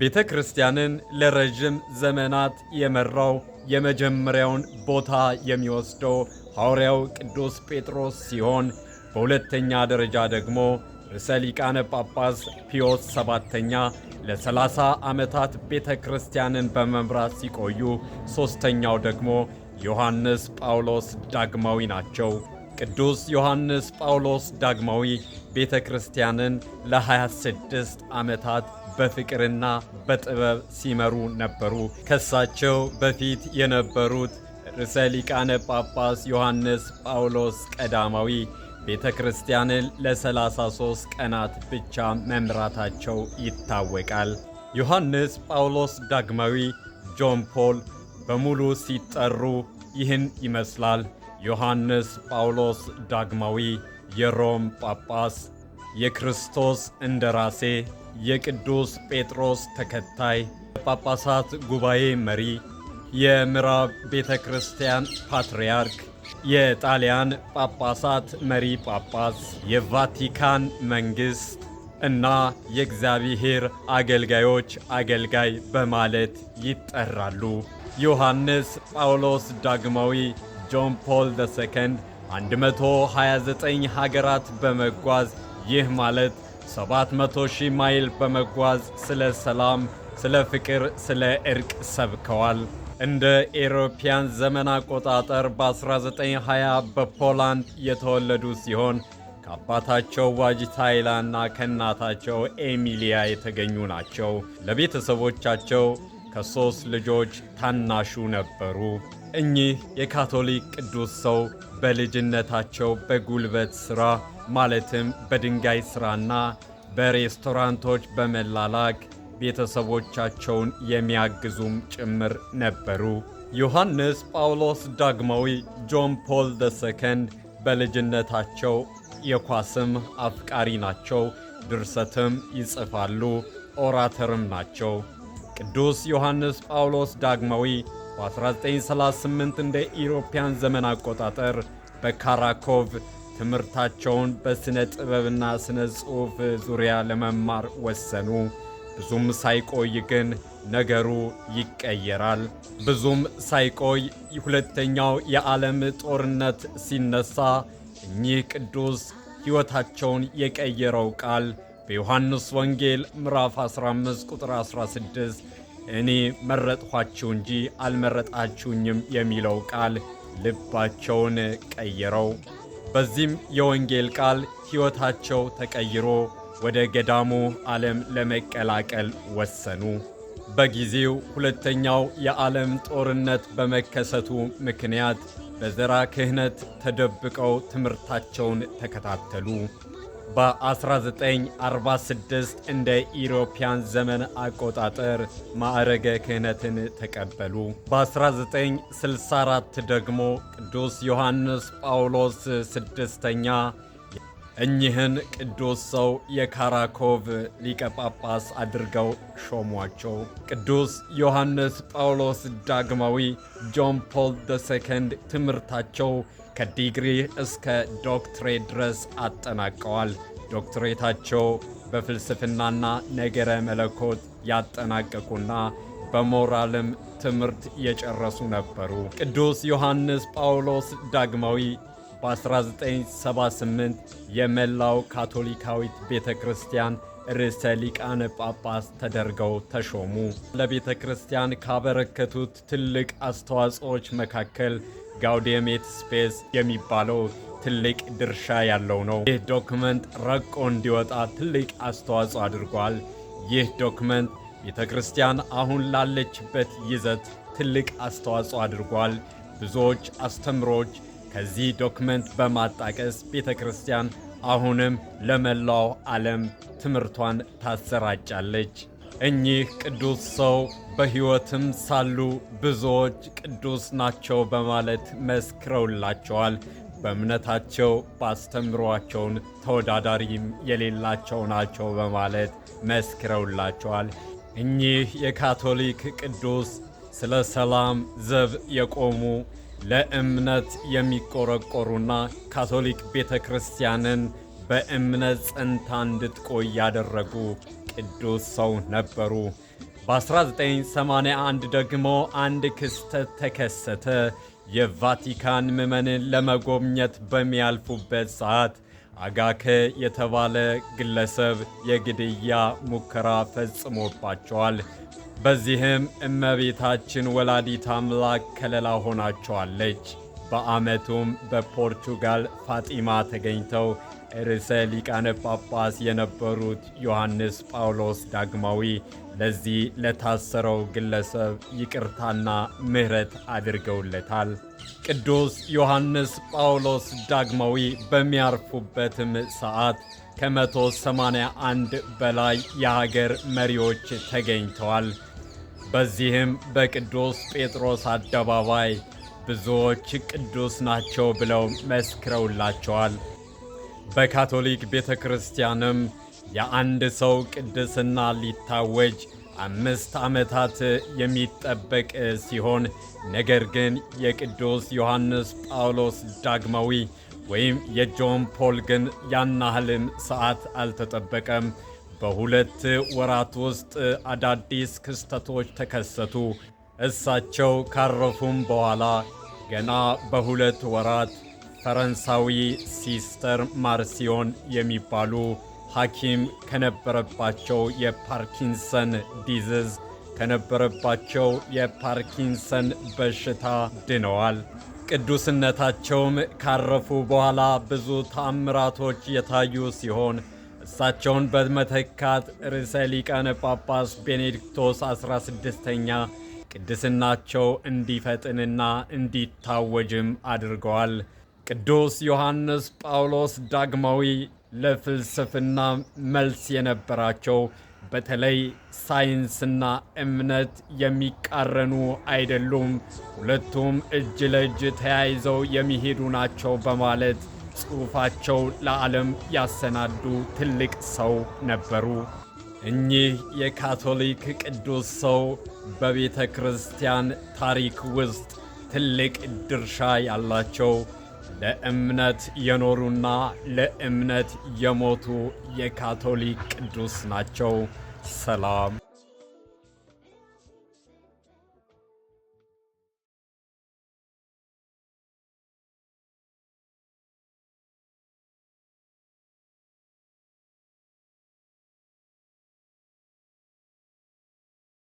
ቤተ ክርስቲያንን ለረዥም ዘመናት የመራው የመጀመሪያውን ቦታ የሚወስደው ሐዋርያው ቅዱስ ጴጥሮስ ሲሆን በሁለተኛ ደረጃ ደግሞ ርዕሰ ሊቃነ ጳጳስ ፒዮስ ሰባተኛ ለ30 ዓመታት ቤተ ክርስቲያንን በመምራት ሲቆዩ፣ ሦስተኛው ደግሞ ዮሐንስ ጳውሎስ ዳግማዊ ናቸው። ቅዱስ ዮሐንስ ጳውሎስ ዳግማዊ ቤተ ክርስቲያንን ለ26 ዓመታት በፍቅርና በጥበብ ሲመሩ ነበሩ። ከሳቸው በፊት የነበሩት ርዕሰ ሊቃነ ጳጳስ ዮሐንስ ጳውሎስ ቀዳማዊ ቤተ ክርስቲያንን ለ33 ቀናት ብቻ መምራታቸው ይታወቃል። ዮሐንስ ጳውሎስ ዳግማዊ ጆን ፖል በሙሉ ሲጠሩ ይህን ይመስላል። ዮሐንስ ጳውሎስ ዳግማዊ የሮም ጳጳስ፣ የክርስቶስ እንደራሴ፣ የቅዱስ ጴጥሮስ ተከታይ፣ የጳጳሳት ጉባኤ መሪ፣ የምዕራብ ቤተ ክርስቲያን ፓትርያርክ፣ የጣሊያን ጳጳሳት መሪ ጳጳስ፣ የቫቲካን መንግሥት እና የእግዚአብሔር አገልጋዮች አገልጋይ በማለት ይጠራሉ። ዮሐንስ ጳውሎስ ዳግማዊ ጆን ፖል ዘሰከንድ 129 ሀገራት በመጓዝ ይህ ማለት 700 ሺህ ማይል በመጓዝ ስለ ሰላም፣ ስለ ፍቅር፣ ስለ እርቅ ሰብከዋል። እንደ ኤሮፓያን ዘመን አቆጣጠር በ1920 በፖላንድ የተወለዱ ሲሆን ከአባታቸው ዋጅታይላ እና ከእናታቸው ኤሚሊያ የተገኙ ናቸው። ለቤተሰቦቻቸው ከሦስት ልጆች ታናሹ ነበሩ። እኚህ የካቶሊክ ቅዱስ ሰው በልጅነታቸው በጉልበት ሥራ ማለትም በድንጋይ ሥራና በሬስቶራንቶች በመላላክ ቤተሰቦቻቸውን የሚያግዙም ጭምር ነበሩ። ዮሐንስ ጳውሎስ ዳግማዊ፣ ጆን ፖል ሰከንድ በልጅነታቸው የኳስም አፍቃሪ ናቸው። ድርሰትም ይጽፋሉ። ኦራተርም ናቸው። ቅዱስ ዮሐንስ ጳውሎስ ዳግማዊ በ1938 እንደ ኢሮፓያን ዘመን አቆጣጠር በካራኮቭ ትምህርታቸውን በሥነ ጥበብና ሥነ ጽሑፍ ዙሪያ ለመማር ወሰኑ። ብዙም ሳይቆይ ግን ነገሩ ይቀየራል። ብዙም ሳይቆይ ሁለተኛው የዓለም ጦርነት ሲነሳ እኚህ ቅዱስ ሕይወታቸውን የቀየረው ቃል በዮሐንስ ወንጌል ምዕራፍ 15 ቁጥር 16 እኔ መረጥኋችሁ እንጂ አልመረጣችሁኝም የሚለው ቃል ልባቸውን ቀይረው በዚህም የወንጌል ቃል ሕይወታቸው ተቀይሮ ወደ ገዳሙ ዓለም ለመቀላቀል ወሰኑ። በጊዜው ሁለተኛው የዓለም ጦርነት በመከሰቱ ምክንያት በዘራ ክህነት ተደብቀው ትምህርታቸውን ተከታተሉ። በ1946 እንደ ኢሮፓያን ዘመን አቆጣጠር ማዕረገ ክህነትን ተቀበሉ። በ1964 ደግሞ ቅዱስ ዮሐንስ ጳውሎስ ስድስተኛ እኚህን ቅዱስ ሰው የካራኮቭ ሊቀ ጳጳስ አድርገው ሾሟቸው። ቅዱስ ዮሐንስ ጳውሎስ ዳግማዊ ጆን ፖል ደ ሰከንድ ትምህርታቸው ከዲግሪ እስከ ዶክትሬት ድረስ አጠናቀዋል። ዶክትሬታቸው በፍልስፍናና ነገረ መለኮት ያጠናቀቁና በሞራልም ትምህርት የጨረሱ ነበሩ። ቅዱስ ዮሐንስ ጳውሎስ ዳግማዊ በ1978 የመላው ካቶሊካዊት ቤተ ክርስቲያን ርዕሰ ሊቃነ ጳጳስ ተደርገው ተሾሙ። ለቤተ ክርስቲያን ካበረከቱት ትልቅ አስተዋጽኦዎች መካከል ጋውዲየሜት ስፔስ የሚባለው ትልቅ ድርሻ ያለው ነው። ይህ ዶክመንት ረቆ እንዲወጣ ትልቅ አስተዋጽኦ አድርጓል። ይህ ዶክመንት ቤተ ክርስቲያን አሁን ላለችበት ይዘት ትልቅ አስተዋጽኦ አድርጓል። ብዙዎች አስተምሮች ከዚህ ዶክመንት በማጣቀስ ቤተ ክርስቲያን አሁንም ለመላው ዓለም ትምህርቷን ታሰራጫለች። እኚህ ቅዱስ ሰው በሕይወትም ሳሉ ብዙዎች ቅዱስ ናቸው በማለት መስክረውላቸዋል። በእምነታቸው ባስተምሯቸውን ተወዳዳሪም የሌላቸው ናቸው በማለት መስክረውላቸዋል። እኚህ የካቶሊክ ቅዱስ ስለ ሰላም ዘብ የቆሙ ለእምነት የሚቆረቆሩና ካቶሊክ ቤተ ክርስቲያንን በእምነት ጸንታ እንድትቆይ ያደረጉ ቅዱስ ሰው ነበሩ። በ1981 ደግሞ አንድ ክስተት ተከሰተ። የቫቲካን ምዕመንን ለመጎብኘት በሚያልፉበት ሰዓት አጋከ የተባለ ግለሰብ የግድያ ሙከራ ፈጽሞባቸዋል። በዚህም እመቤታችን ወላዲት አምላክ ከለላ ሆናቸዋለች። በዓመቱም በፖርቹጋል ፋጢማ ተገኝተው ርዕሰ ሊቃነ ጳጳስ የነበሩት ዮሐንስ ጳውሎስ ዳግማዊ ለዚህ ለታሰረው ግለሰብ ይቅርታና ምሕረት አድርገውለታል። ቅዱስ ዮሐንስ ጳውሎስ ዳግማዊ በሚያርፉበትም ሰዓት ከ181 በላይ የሀገር መሪዎች ተገኝተዋል። በዚህም በቅዱስ ጴጥሮስ አደባባይ ብዙዎች ቅዱስ ናቸው ብለው መስክረውላቸዋል። በካቶሊክ ቤተ ክርስቲያንም የአንድ ሰው ቅድስና ሊታወጅ አምስት ዓመታት የሚጠበቅ ሲሆን ነገር ግን የቅዱስ ዮሐንስ ጳውሎስ ዳግማዊ ወይም የጆን ፖል ግን ያናህልም ሰዓት አልተጠበቀም። በሁለት ወራት ውስጥ አዳዲስ ክስተቶች ተከሰቱ። እሳቸው ካረፉም በኋላ ገና በሁለት ወራት ፈረንሳዊ ሲስተር ማርሲዮን የሚባሉ ሐኪም ከነበረባቸው የፓርኪንሰን ዲዝዝ ከነበረባቸው የፓርኪንሰን በሽታ ድነዋል። ቅዱስነታቸውም ካረፉ በኋላ ብዙ ታምራቶች የታዩ ሲሆን እሳቸውን በመተካት ርዕሰ ሊቃነ ጳጳስ ቤኔዲክቶስ 16ኛ ቅድስናቸው እንዲፈጥንና እንዲታወጅም አድርገዋል። ቅዱስ ዮሐንስ ጳውሎስ ዳግማዊ ለፍልስፍና መልስ የነበራቸው በተለይ ሳይንስና እምነት የሚቃረኑ አይደሉም፣ ሁለቱም እጅ ለእጅ ተያይዘው የሚሄዱ ናቸው በማለት ጽሑፋቸው ለዓለም ያሰናዱ ትልቅ ሰው ነበሩ። እኚህ የካቶሊክ ቅዱስ ሰው በቤተ ክርስቲያን ታሪክ ውስጥ ትልቅ ድርሻ ያላቸው ለእምነት የኖሩና ለእምነት የሞቱ የካቶሊክ ቅዱስ ናቸው። ሰላም